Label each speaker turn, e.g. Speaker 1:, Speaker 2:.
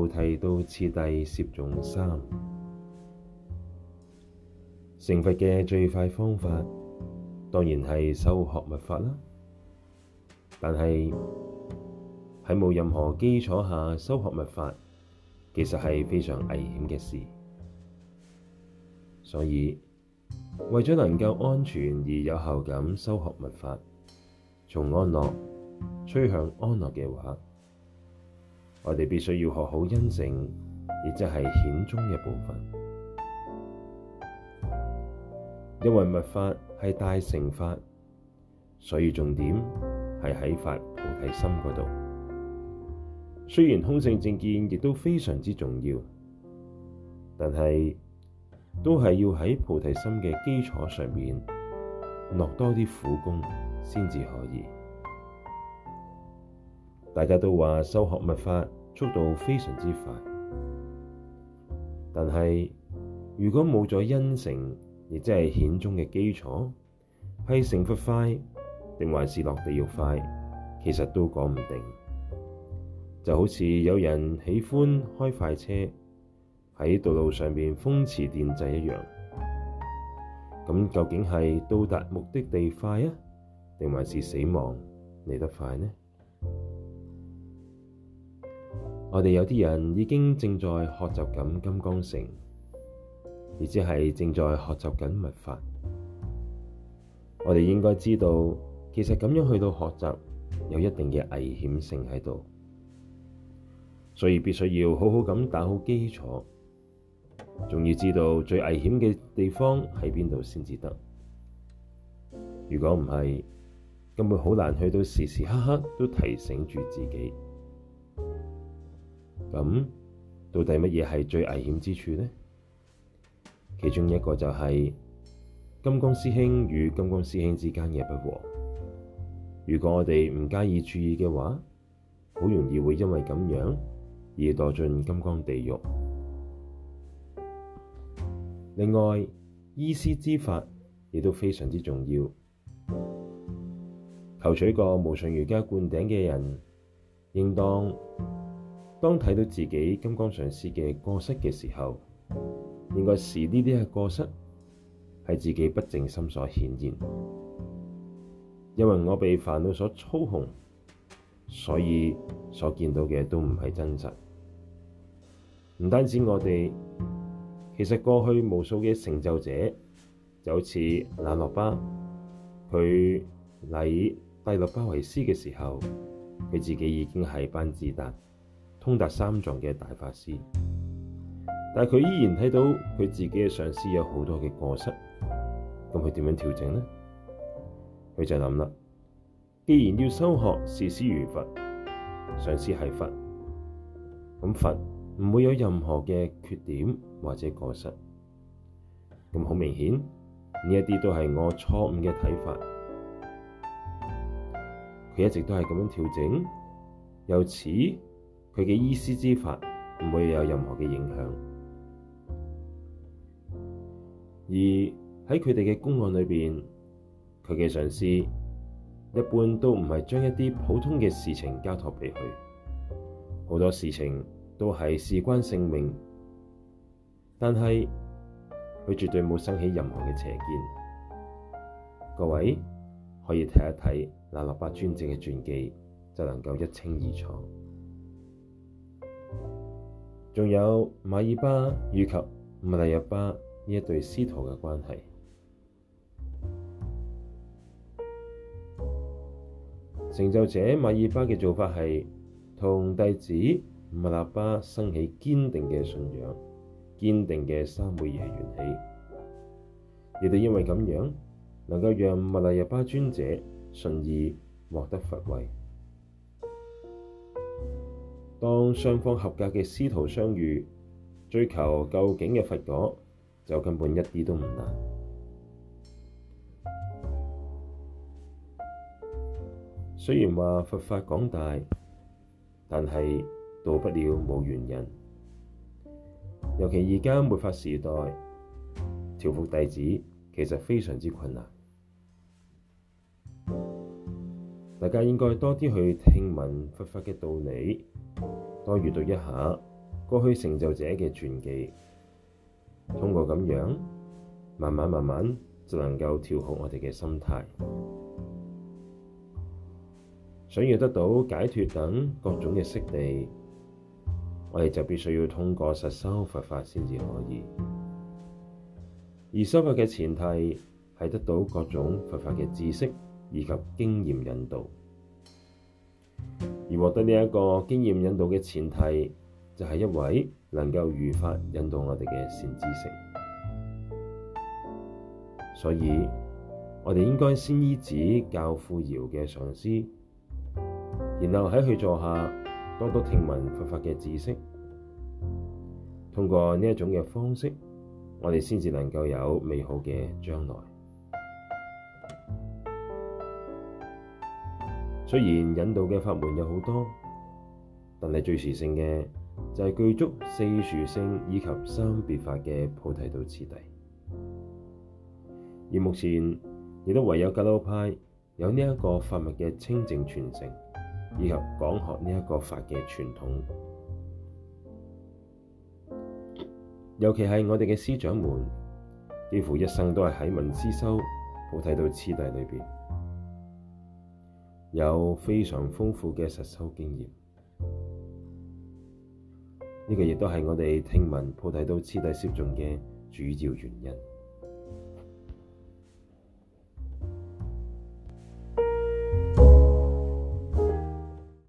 Speaker 1: 菩提道次第攝頌三，成佛嘅最快方法，當然係修學密法啦。但係喺冇任何基礎下修學密法，其實係非常危險嘅事。所以為咗能夠安全而有效咁修學密法，從安樂趨向安樂嘅話。我哋必須要學好因乘，亦即係顯宗嘅部分。因為密法係大乘法，所以重點係喺發菩提心嗰度。雖然空性正見亦都非常之重要，但係都係要喺菩提心嘅基礎上面落多啲苦功，先至可以。大家都話修學密法速度非常之快，但係如果冇咗因乘，亦即係顯宗嘅基礎，係成佛快定還是落地獄快，其實都講唔定。就好似有人喜歡開快車喺道路上面風馳電掣一樣，咁究竟係到達目的地快啊，定還是死亡嚟得快呢？我哋有啲人已經正在學習緊金剛乘，亦即係正在學習緊密法。我哋應該知道，其實咁樣去到學習，有一定嘅危險性喺度，所以必須要好好咁打好基礎，仲要知道最危險嘅地方喺邊度先至得。如果唔係，根本好難去到時時刻刻都提醒住自己。咁到底乜嘢係最危險之處呢？其中一個就係金剛師兄與金剛師兄之間嘅不和。如果我哋唔加以注意嘅話，好容易會因為咁樣而墮進金剛地獄。另外，依師之法亦都非常之重要。求取個無上瑜伽灌頂嘅人，應當當睇到自己金剛上師嘅過失嘅時候，應該是呢啲嘅過失係自己不淨心所顯現。因為我被煩惱所操控，所以所見到嘅都唔係真實。唔單止我哋，其實過去無數嘅成就者就好似那若巴，佢嚟帝洛巴為師嘅時候，佢自己已經係班智達。通達三藏嘅大法師，但佢依然睇到佢自己嘅上師有好多嘅過失，咁佢點樣調整呢？佢就諗啦，既然要修學，視師如佛，上師係佛，咁佛唔會有任何嘅缺點或者過失，咁好明顯呢一啲都係我錯誤嘅睇法。佢一直都係咁樣調整，由此，佢嘅依師之法唔會有任何嘅影響，而喺佢哋嘅公案裏邊，佢嘅上師一般都唔係將一啲普通嘅事情交託俾佢，好多事情都係事關性命，但係佢絕對冇生起任何嘅邪見。各位可以睇一睇那若巴尊者嘅傳記，就能夠一清二楚。仲有瑪爾巴以及密勒日巴呢一對師徒嘅關係，成就者瑪爾巴嘅做法係同弟子密勒巴生起堅定嘅信仰，堅定嘅三昧耶緣起，亦都因為咁樣能夠讓密勒日巴尊者順意獲得佛位。當雙方合格嘅師徒相遇，追求究竟嘅佛果就根本一啲都唔難。雖然話佛法廣大，但係度不了無緣人。尤其而家末法時代，調伏弟子其實非常之困難。大家應該多啲去聽聞佛法嘅道理，多閱讀一下過去成就者嘅傳記，通過咁樣，慢慢慢慢，就能夠調好我哋嘅心態。想要得到解脫等各種嘅悉地，我哋就必須要通過實修佛法先至可以。而修法嘅前提係得到各種佛法嘅知識。以及經驗引導，而獲得呢一個經驗引導嘅前提，就係、是、一位能夠如法引導我哋嘅善知識。所以，我哋應該先依止教富饒嘅上師，然後喺佢座下多多聽聞佛法嘅知識。通過呢一種嘅方式，我哋先至能夠有美好嘅將來。雖然引導嘅法門有好多，但係最殊勝嘅就係具足四殊勝以及三別法嘅菩提道次第。而目前亦都唯有格魯派有呢一個法脈嘅清淨傳承，以及講學呢一個法嘅傳統。尤其係我哋嘅師長們，幾乎一生都係喺聞思修菩提道次第裏面。有非常豐富嘅實操經驗，呢、這個亦都係我哋聽聞菩提道次第攝頌嘅主要原因。